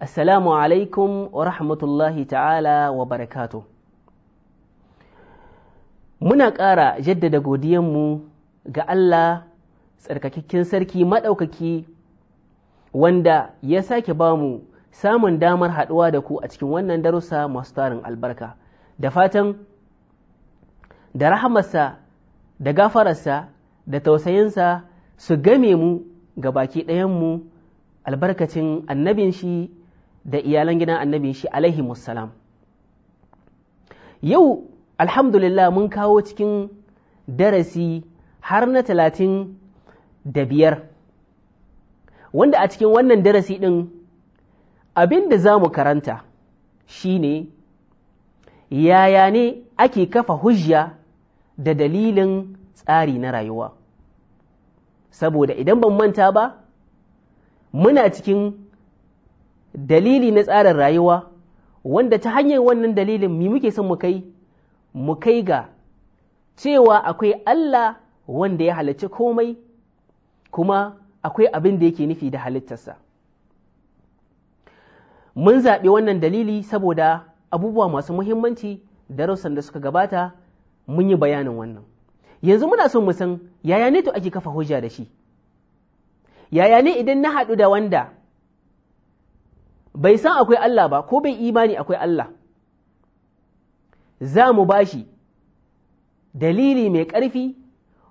Assalamu alaikum wa rahmatullahi ta'ala wa barakatu. Muna ƙara jaddada godiyanmu ga Allah tsarkakakken sarki maɗaukaki wanda ya sake ba mu samun damar haɗuwa da ku a cikin wannan darussa masu tarin albarka. Da fatan, da rahamarsa, da gafararsa, da tausayinsa su game mu ga baki ɗayanmu albarkacin annabin shi da iyalan gidan annabi shi alaihi musalam yau alhamdulillah mun kawo cikin darasi har na talatin da biyar wanda a cikin wannan darasi ɗin abin da za mu karanta shi ne yaya ne ake kafa hujja da dalilin tsari na rayuwa saboda idan ban manta ba muna cikin dalili na tsarin rayuwa wanda ta hanyar wannan dalilin mi muke son mu kai mu kai ga cewa akwai Allah wanda ya halarci komai kuma akwai abin da yake nufi da halittarsa mun zaɓi wannan dalili saboda abubuwa masu muhimmanci da darussan da suka gabata mun yi bayanin wannan yanzu muna son mu san yaya ne to ake kafa hujja da shi yaya ne idan na haɗu da wanda bai san akwai Allah ba ko bai imani akwai Allah za mu bashi dalili mai ƙarfi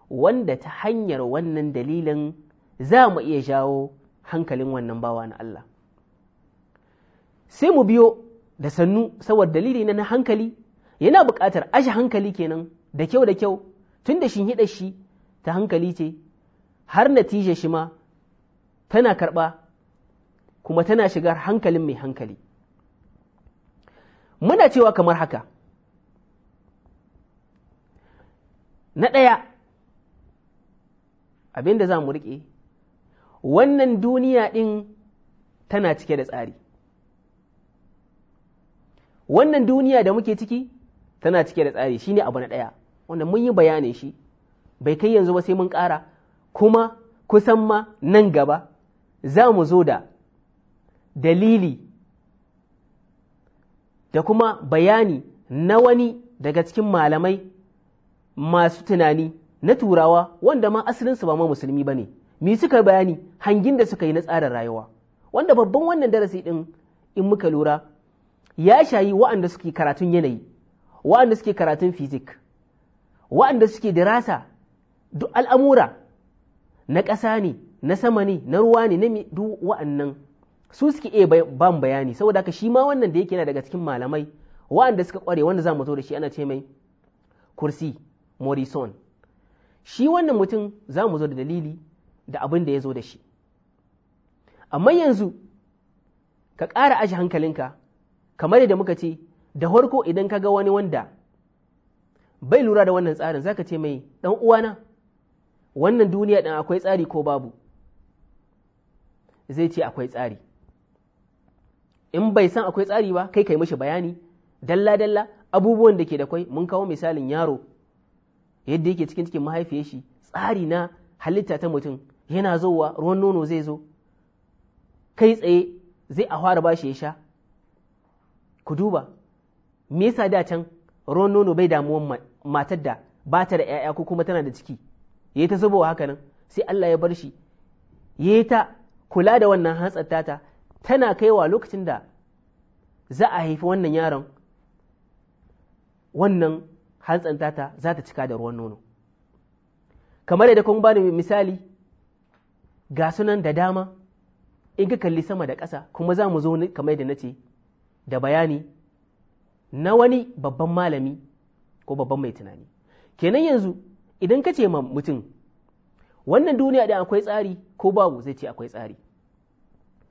wanda ta hanyar wannan dalilin za mu iya jawo hankalin wannan bawa na Allah sai mu biyo da sannu saboda dalili na hankali yana buƙatar ashe hankali kenan da kyau da kyau tun da shin shi ta hankali ce har natija shi ma tana karɓa kuma tana shigar hankalin mai hankali muna cewa kamar haka na ɗaya abin da za mu riƙe wannan duniya ɗin tana cike da tsari wannan duniya da muke ciki tana cike da tsari shi ne abu na ɗaya wanda mun yi bayanin shi bai kai yanzu ba sai mun ƙara kuma kusan ma nan gaba za mu zo da dalili da kuma bayani na wani daga cikin malamai masu tunani na turawa wanda ma asalinsu ba ma musulmi ba ne mi suka bayani hangin da suka yi na tsarin rayuwa wanda babban wannan darasi din in muka lura ya shayi wa'anda suke karatun yanayi wa'anda suke karatun fizik wa'anda suke dirasa duk al'amura na ƙasa ne na sama ne na ruwa ne na duk wa'annan su suke iya ban bayani saboda haka shi ma wannan da yake yana daga cikin malamai wa'anda suka kware wanda za mu zo da shi ana ce mai kursi morrison shi wannan mutum za mu zo da dalili da abin da ya zo da shi amma yanzu ka ƙara aji hankalinka kamar yadda muka ce da farko idan ka ga wani wanda bai lura da wannan tsarin za ka ce mai ɗan uwana wannan duniya ɗin akwai tsari ko babu zai ce akwai tsari in bai san akwai tsari ba kai kai mishi bayani dalla dalla abubuwan da ke da kwai mun kawo misalin yaro yadda yake cikin cikin mahaifiyar shi tsari na halitta ta mutum yana zowa ruwan nono zai zo kai tsaye zai a fara bashi ya sha ku duba me yasa da can ruwan nono bai damuwan matar da ba ta da 'ya'ya ko kuma tana da ciki yayi ta zubowa haka nan sai Allah ya bar shi yayi ta kula da wannan hantsar tata tana kaiwa lokacin da za a haifi wannan yaron wannan hantsanta ta za ta cika da ruwan nono kamar yadda kun bani misali ga sunan da dama in ka kalli sama da ƙasa kuma za mu zo kamar yadda na ce da bayani na wani babban malami ko babban mai tunani kenan yanzu idan ka ce mutum wannan duniya da akwai tsari ko babu zai ce akwai tsari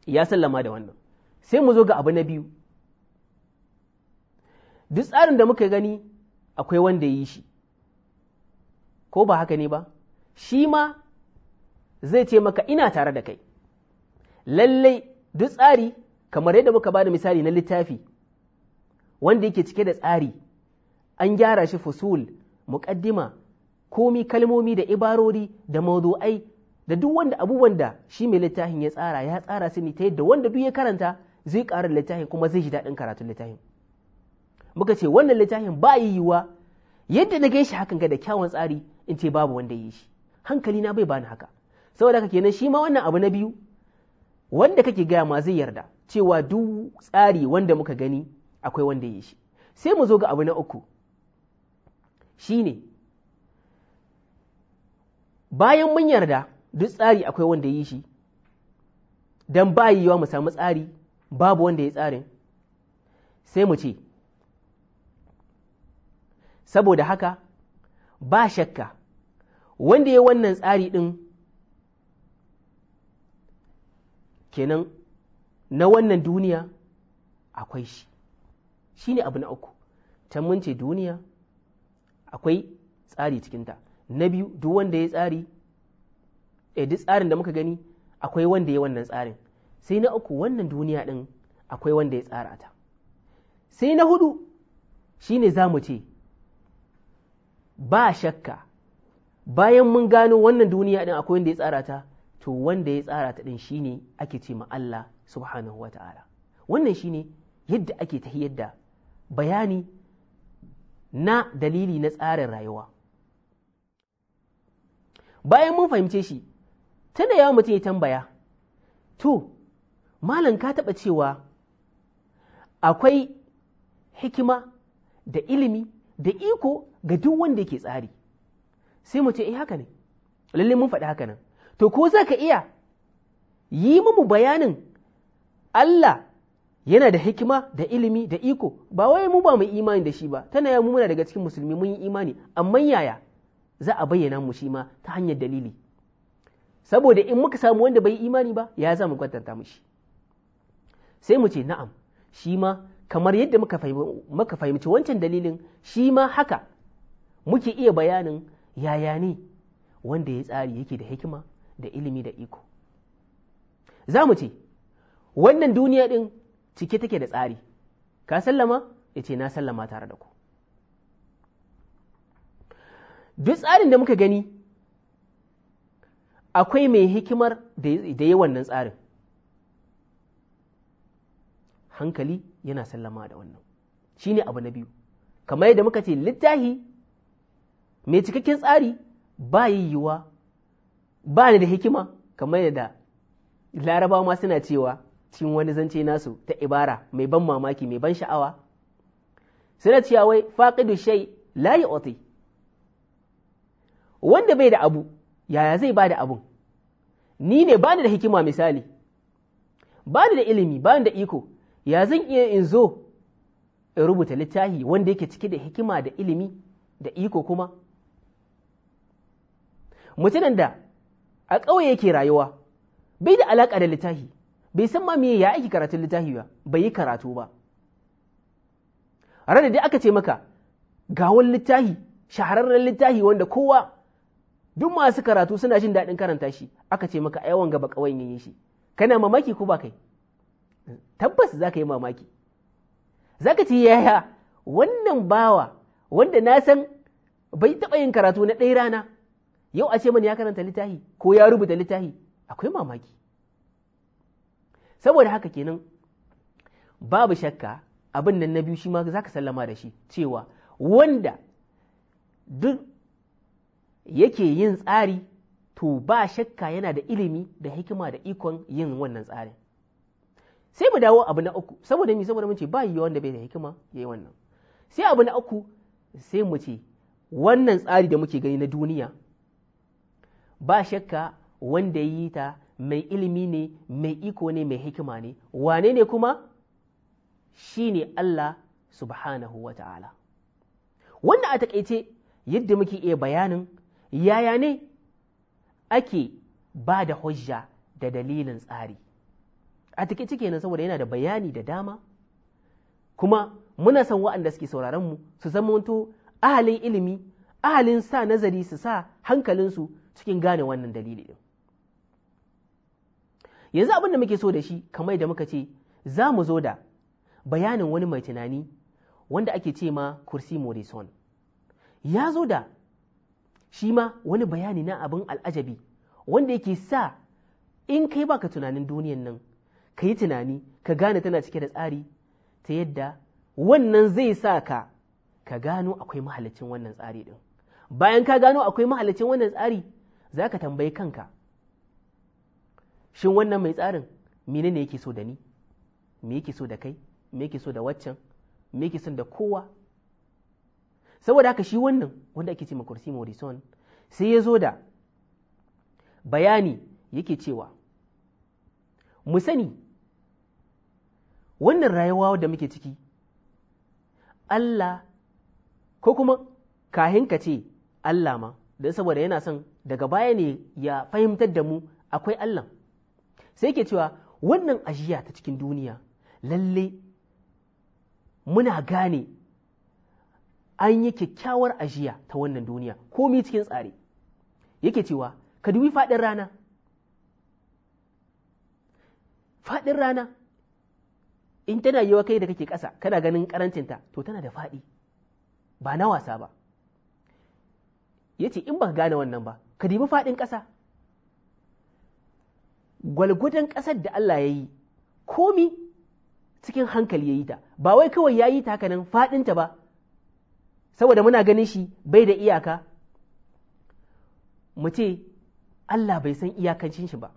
ya sallama da wannan sai mu zo ga abu na biyu duk tsarin da muka gani akwai wanda ya yi shi ko ba haka ne ba shi ma zai ce maka ina tare da kai lallai duk tsari kamar yadda muka bada misali na littafi wanda yake cike da tsari an gyara shi fusul muƙaddima komi kalmomi da ibarori da mawdu'ai da duk wanda abubuwan da shi mai littafin ya tsara ya tsara su ne ta yadda wanda duk ya karanta zai ƙara littafin kuma zai ji daɗin karatun littafin muka ce wannan littafin ba yiwuwa yadda na gaishe hakan ga da kyawun tsari in ce babu wanda yi shi hankali na bai bani haka saboda haka kenan shi ma wannan abu na biyu wanda kake gaya ma zai yarda cewa duk tsari wanda muka gani akwai wanda yi shi sai mu zo ga abu na uku shine bayan mun yarda duk tsari akwai wanda ya yi shi don ba yawa mu samu tsari babu wanda ya tsarin sai mu ce saboda haka ba shakka wanda ya wannan tsari ɗin kenan na wannan duniya akwai shi shi ne abu na uku can mun duniya akwai tsari cikinta na biyu duk wanda ya tsari eh duk tsarin da muka gani akwai wanda ya wannan tsarin sai na uku wannan duniya ɗin akwai wanda ya tsara ta sai na hudu shine za mu ce ba shakka bayan mun gano wannan duniya ɗin akwai wanda ya tsara ta to wanda ya tsara ta ɗin shine ake ce ma Allah subhanahu wa ta'ala wannan shine yadda ake ta da bayani na dalili na tsarin rayuwa bayan mun fahimce shi tana yawan mutum ya tambaya to malam ka taɓa cewa akwai hikima da ilimi da iko ga duk wanda yake tsari sai mu ce eh haka ne lallai mun faɗi haka nan to ko za ka iya yi mu bayanin Allah yana da hikima da ilimi da iko ba wai mu ba mu imani da shi ba tana ya mu muna daga cikin musulmi mun yi imani amma yaya za a bayyana mu shi ma ta hanyar dalili saboda in muka samu wanda bai imani ba ya za mu kwatanta mushi sai mu ce na'am shi ma kamar yadda muka fahimci wancan dalilin shi ma haka muke iya bayanin yaya ne wanda ya tsari yake da hikima da ilimi da iko za mu ce wannan duniya ɗin cike take da tsari ka sallama ya ce na sallama tare da ku duk tsarin da muka gani akwai mai hikimar da yi wannan tsarin hankali yana sallama da wannan shi ne abu na biyu kamar yadda muka ce littahi mai cikakken tsari ba yiwuwa ba ni da hikima kamar yadda larabawa ma suna cewa cin wani zance nasu ta ibara mai ban mamaki mai ban sha'awa suna cewa wai faƙidu shai layi ote wanda bai da abu yaya zai ba da abun ni ne ba da hikima misali ba da ilimi ba da iko ya zan iya in zo in rubuta littafi wanda yake cike da hikima da ilimi da iko kuma mutumin da a ƙauye yake rayuwa bai da alaƙa da littafi bai san ma ya aiki karatun littafi ba bai yi karatu ba ranar da aka ce maka ga littafi shahararren littafi wanda kowa duk masu karatu suna jin daɗin karanta shi aka ce maka yawan gaba ba kawai yin shi kana mamaki ko ba kai tabbas za ka yi mamaki za ka ce yaya wannan bawa wanda na san bai taɓa yin karatu na ɗaya rana yau a ce mani ya karanta littafi ko ya rubuta littafi akwai mamaki saboda haka kenan babu shakka abin nan na biyu shi ma za ka sallama da shi cewa wanda duk yake yin tsari to ba shakka yana da ilimi da hikima da ikon yin wannan tsarin sai mu dawo abu na uku saboda ni saboda mun ce ba yiwa wanda bai da hikima yayi wannan sai abu na uku sai mu ce wannan tsari da muke gani na duniya ba shakka wanda yi ta mai ilimi ne mai iko ne mai hikima ne wane ne kuma shi ne Allah subhanahu wa ta'ala wannan a taƙaice yadda muke iya bayanin yaya ne ake ba da hujja da dalilin tsari a take cike nan saboda yana da bayani da dama kuma muna son waɗanda suke sauraron mu su wato ahalin ilimi ahalin sa nazari su sa hankalinsu cikin gane wannan dalili ɗin yanzu abin da muke so da shi kamar da muka ce za mu zo da bayanin wani mai tunani wanda ake ce ma kursi morrison ya zo da shi ma wani bayani na abin al'ajabi wanda yake sa in kai baka tunanin duniyan nan ka yi tunani ka gane tana cike da tsari ta yadda wannan zai sa ka ka gano akwai mahalicin wannan tsari din bayan ka gano akwai mahalicin wannan tsari za ka tambayi kanka shin wannan mai tsarin mine ne yake so da ni me yake so da kai me yake so da waccan me yake son da kowa saboda haka shi wannan wanda ake ce makursi morrison sai ya zo da bayani yake cewa mu sani wannan rayuwa da muke ciki Allah ko kuma kahin ka ce Allah ma don saboda yana son daga baya ne ya fahimtar da mu akwai Allah sai yake cewa wannan ajiya ta cikin duniya lalle muna gane an yi kyakkyawar ajiya ta wannan duniya komi cikin tsare yake cewa ka dubi faɗin rana faɗin rana in tana yiwa kai da kake ƙasa kana ganin ƙarancinta to tana da faɗi ba na wasa ba ya ce in ba ka gane wannan ba ka dubi faɗin ƙasa gwalgwadon ƙasar da Allah ya yi komi cikin hankali ya yi ta ba wai kawai ya yi ta haka nan faɗinta ba saboda muna ganin shi bai da iyaka mu ce Allah bai san iyakancin shi ba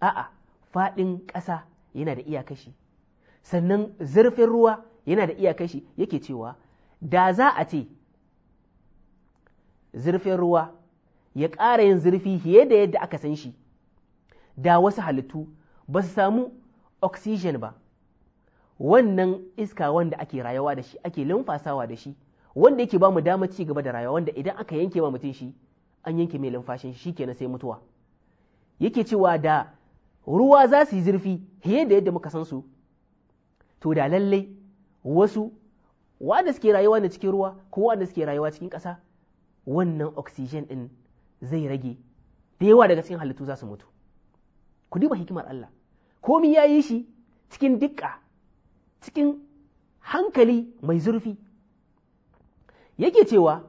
a'a faɗin ƙasa yana da iyakashi sannan zurfin ruwa yana da iyakashi yake cewa da za a ce zurfin ruwa ya ƙara yin zurfi fiye da yadda aka san shi da wasu halittu ba su samu oxygen ba wannan iska wanda ake rayuwa da shi ake lumfasawa da shi wanda yake ba mu damar ci gaba da rayuwa wanda idan aka yanke ma mutum shi an yanke mai lumfashin shi kenan sai mutuwa yake cewa da ruwa za su yi zurfi fiye da yadda muka san su to da lallai wasu wanda suke rayuwa na cikin ruwa ko wanda suke rayuwa cikin ƙasa wannan oxygen ɗin zai rage da yawa daga cikin halittu za su mutu ku duba hikimar Allah komi ya yi shi cikin dukka cikin hankali mai zurfi yake cewa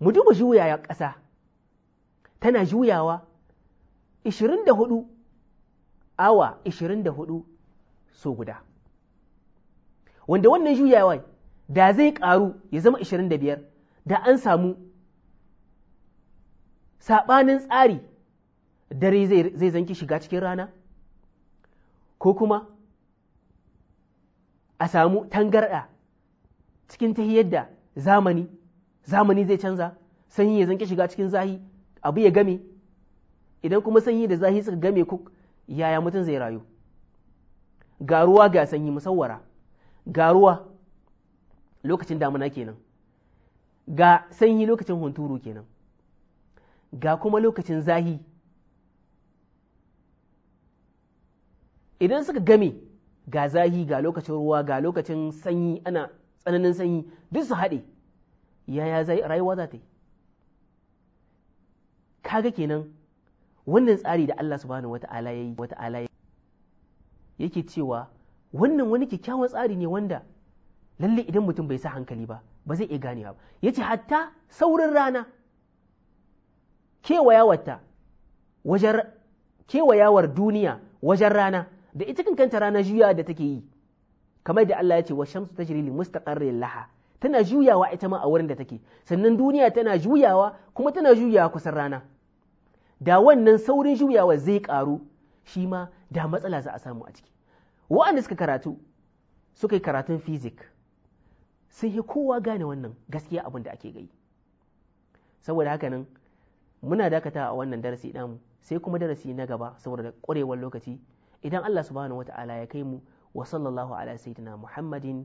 mu duba juyayen ƙasa tana juyawa 24 awa 24 so guda wanda wannan juyawan da zai ƙaru ya zama 25 da an samu saɓanin tsari dare zai zanki shiga cikin rana ko kuma a samu tangarɗa cikin tahiyar yadda zamani zamani zai canza sanyi ya zanke shiga cikin zahi abu ya game idan kuma sanyi da zahi suka game ku yaya mutum zai rayu ga ruwa ga sanyi musawwara ga ruwa lokacin damuna kenan ga sanyi lokacin hunturu kenan ga kuma lokacin zahi idan suka game ga zahi ga lokacin ruwa ga lokacin sanyi ana tsananin sanyi duk su haɗe yaya zai rayuwa za ta yi kaga kenan wannan tsari da Allah subhanahu wata'ala yayi wata'ala yake cewa wannan wani kyakkyawan tsari ne wanda lalle idan mutum bai sa hankali ba ba zai iya ganewa ba yace hatta saurin rana wajar kewayawar duniya wajen rana da ita kankanta rana juya da take yi kamar da Allah ya ce wa shamsu tajri li mustaqarrin laha tana juyawa ita ma a wurin da take sannan duniya tana juyawa kuma tana juyawa kusan rana da wannan saurin juyawa zai karu shi ma da matsala za a samu a ciki wa'anda suka karatu suka yi karatun fizik sai ya kowa gane wannan gaskiya abin da ake gai saboda haka nan muna dakata a wannan darasi namu sai kuma darasi na gaba saboda ƙwarewar lokaci idan Allah subhanahu wata'ala ya kai mu wa sallallahu ala sayyidina Muhammadin